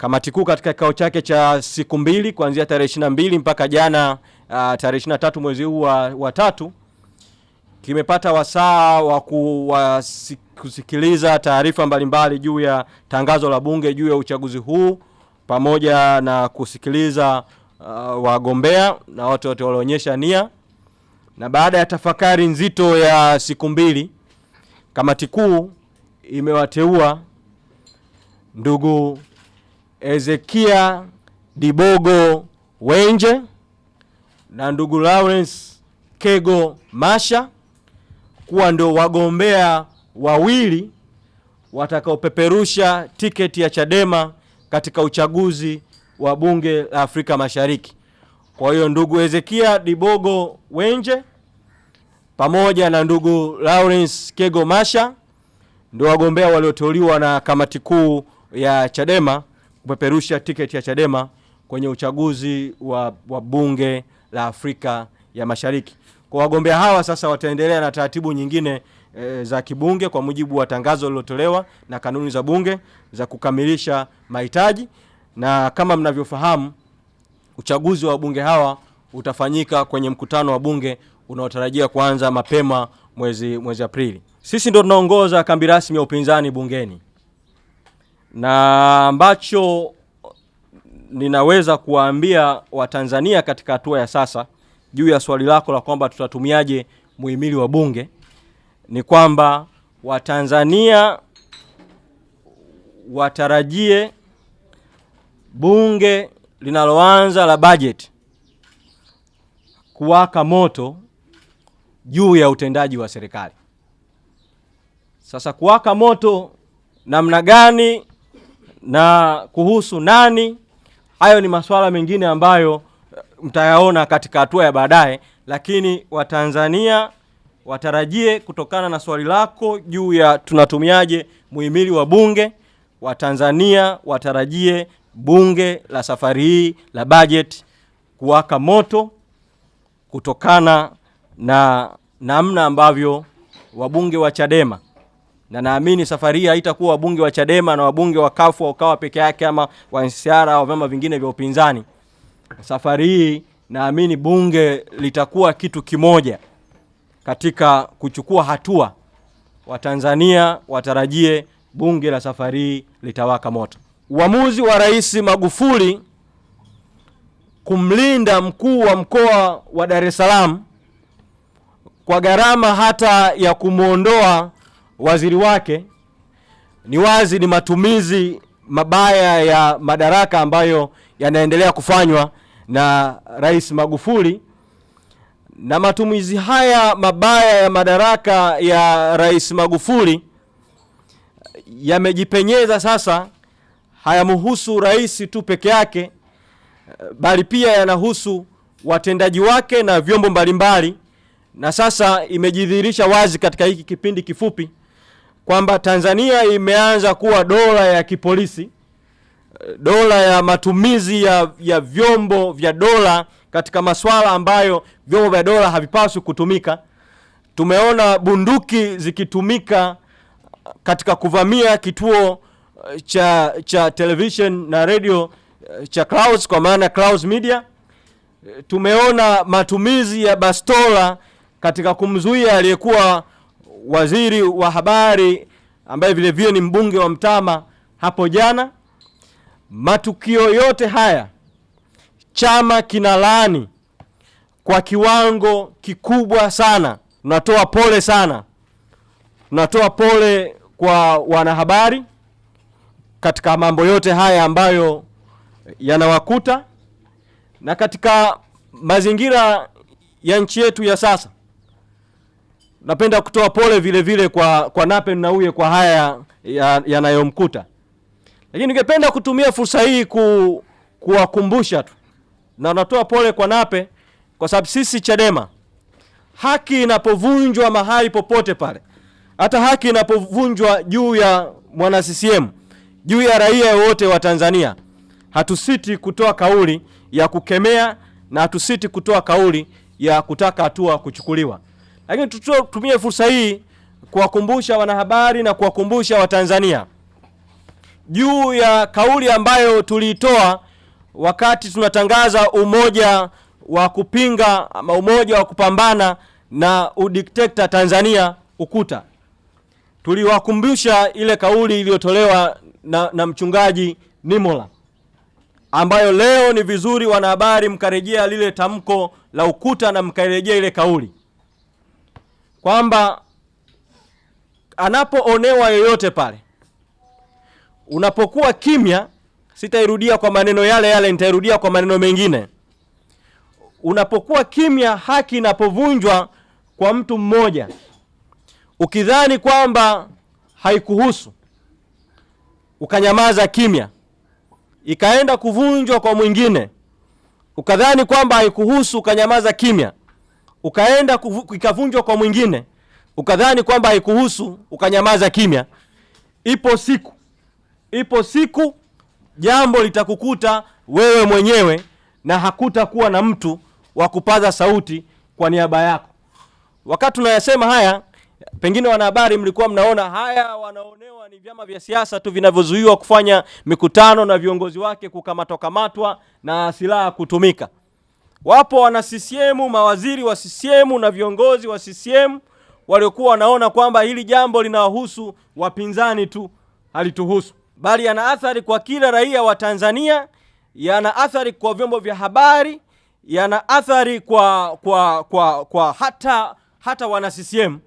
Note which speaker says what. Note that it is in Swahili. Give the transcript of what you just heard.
Speaker 1: Kamati kuu katika kikao chake cha siku mbili kuanzia tarehe 22 mpaka jana uh, tarehe 23 mwezi huu wa, wa tatu kimepata wasaa wa kusikiliza taarifa mbalimbali juu ya tangazo la bunge juu ya uchaguzi huu pamoja na kusikiliza uh, wagombea na watu wote walioonyesha nia. Na baada ya tafakari nzito ya siku mbili, kamati kuu imewateua ndugu Ezekia Dibogo Wenje na ndugu Lawrence Kego Masha kuwa ndio wagombea wawili watakaopeperusha tiketi ya Chadema katika uchaguzi wa bunge la Afrika Mashariki. Kwa hiyo ndugu Ezekia Dibogo Wenje pamoja na ndugu Lawrence Kego Masha ndio wagombea walioteuliwa na kamati kuu ya Chadema kupeperusha tiketi ya Chadema kwenye uchaguzi wa, wa bunge la Afrika ya Mashariki. Kwa wagombea hawa sasa wataendelea na taratibu nyingine e, za kibunge kwa mujibu wa tangazo lililotolewa na kanuni za bunge za kukamilisha mahitaji, na kama mnavyofahamu uchaguzi wa wabunge hawa utafanyika kwenye mkutano wa bunge unaotarajia kuanza mapema mwezi, mwezi Aprili. Sisi ndio tunaongoza kambi rasmi ya upinzani bungeni na ambacho ninaweza kuwaambia Watanzania katika hatua ya sasa juu ya swali lako la kwamba tutatumiaje muhimili wa Bunge ni kwamba Watanzania watarajie bunge linaloanza la bajeti kuwaka moto juu ya utendaji wa serikali. Sasa kuwaka moto namna gani na kuhusu nani, hayo ni masuala mengine ambayo eh, mtayaona katika hatua ya baadaye, lakini Watanzania watarajie kutokana na swali lako juu ya tunatumiaje muhimili wa Bunge, Watanzania watarajie Bunge la safari hii la bajeti kuwaka moto kutokana na namna ambavyo wabunge wa Chadema na naamini safari hii haitakuwa wabunge wa Chadema na wabunge wa Kafu au UKAWA peke yake ama wa NCCR au vyama vingine vya upinzani. Safari hii naamini bunge litakuwa kitu kimoja katika kuchukua hatua. Watanzania watarajie bunge la safari hii litawaka moto. Uamuzi wa Rais Magufuli kumlinda mkuu wa mkoa wa Dar es Salaam kwa gharama hata ya kumwondoa waziri wake, ni wazi ni matumizi mabaya ya madaraka ambayo yanaendelea kufanywa na Rais Magufuli na matumizi haya mabaya ya madaraka ya Rais Magufuli yamejipenyeza sasa, hayamhusu rais tu peke yake, bali pia yanahusu watendaji wake na vyombo mbalimbali, na sasa imejidhihirisha wazi katika hiki kipindi kifupi kwamba Tanzania imeanza kuwa dola ya kipolisi, eh, dola ya matumizi ya, ya vyombo vya dola katika masuala ambayo vyombo vya dola havipaswi kutumika. Tumeona bunduki zikitumika katika kuvamia kituo eh, cha cha television na radio eh, cha Clouds kwa maana Clouds Media. Tumeona matumizi ya bastola katika kumzuia aliyekuwa waziri wa habari ambaye vile vile ni mbunge wa Mtama hapo jana. Matukio yote haya chama kinalaani kwa kiwango kikubwa sana. Tunatoa pole sana, tunatoa pole kwa wanahabari katika mambo yote haya ambayo yanawakuta na katika mazingira ya nchi yetu ya sasa napenda kutoa pole vile vile kwa, kwa Nape Nnauye kwa haya yanayomkuta ya lakini ningependa kutumia fursa hii ku, kuwakumbusha tu na natoa pole kwa Nape kwa sababu sisi Chadema haki inapovunjwa mahali popote pale, hata haki inapovunjwa juu ya mwana CCM, juu ya raia wote wa Tanzania, hatusiti kutoa kauli ya kukemea na hatusiti kutoa kauli ya kutaka hatua kuchukuliwa. Lakini tutumie fursa hii kuwakumbusha wanahabari na kuwakumbusha Watanzania juu ya kauli ambayo tuliitoa wakati tunatangaza umoja wa kupinga ama umoja wa kupambana na udikteta Tanzania Ukuta. Tuliwakumbusha ile kauli iliyotolewa na, na mchungaji Nimola ambayo leo ni vizuri wanahabari mkarejea lile tamko la Ukuta na mkarejea ile kauli kwamba anapoonewa yoyote pale, unapokuwa kimya, sitairudia kwa maneno yale yale, nitairudia kwa maneno mengine. Unapokuwa kimya, haki inapovunjwa kwa mtu mmoja, ukidhani kwamba haikuhusu, ukanyamaza kimya, ikaenda kuvunjwa kwa mwingine, ukadhani kwamba haikuhusu, ukanyamaza kimya ukaenda ikavunjwa kwa mwingine, ukadhani kwamba haikuhusu, ukanyamaza kimya, ipo siku, ipo siku jambo litakukuta wewe mwenyewe, na hakutakuwa na mtu wa kupaza sauti kwa niaba yako. Wakati tunayasema haya, pengine wanahabari mlikuwa mnaona haya wanaonewa ni vyama vya siasa tu vinavyozuiwa kufanya mikutano na viongozi wake kukamatwa kamatwa na silaha kutumika. Wapo wana CCM, mawaziri wa CCM na viongozi wa CCM waliokuwa wanaona kwamba hili jambo linawahusu wapinzani tu, halituhusu, bali yana athari kwa kila raia wa Tanzania, yana athari kwa vyombo vya habari, yana athari kwa, kwa, kwa, kwa hata, hata wana CCM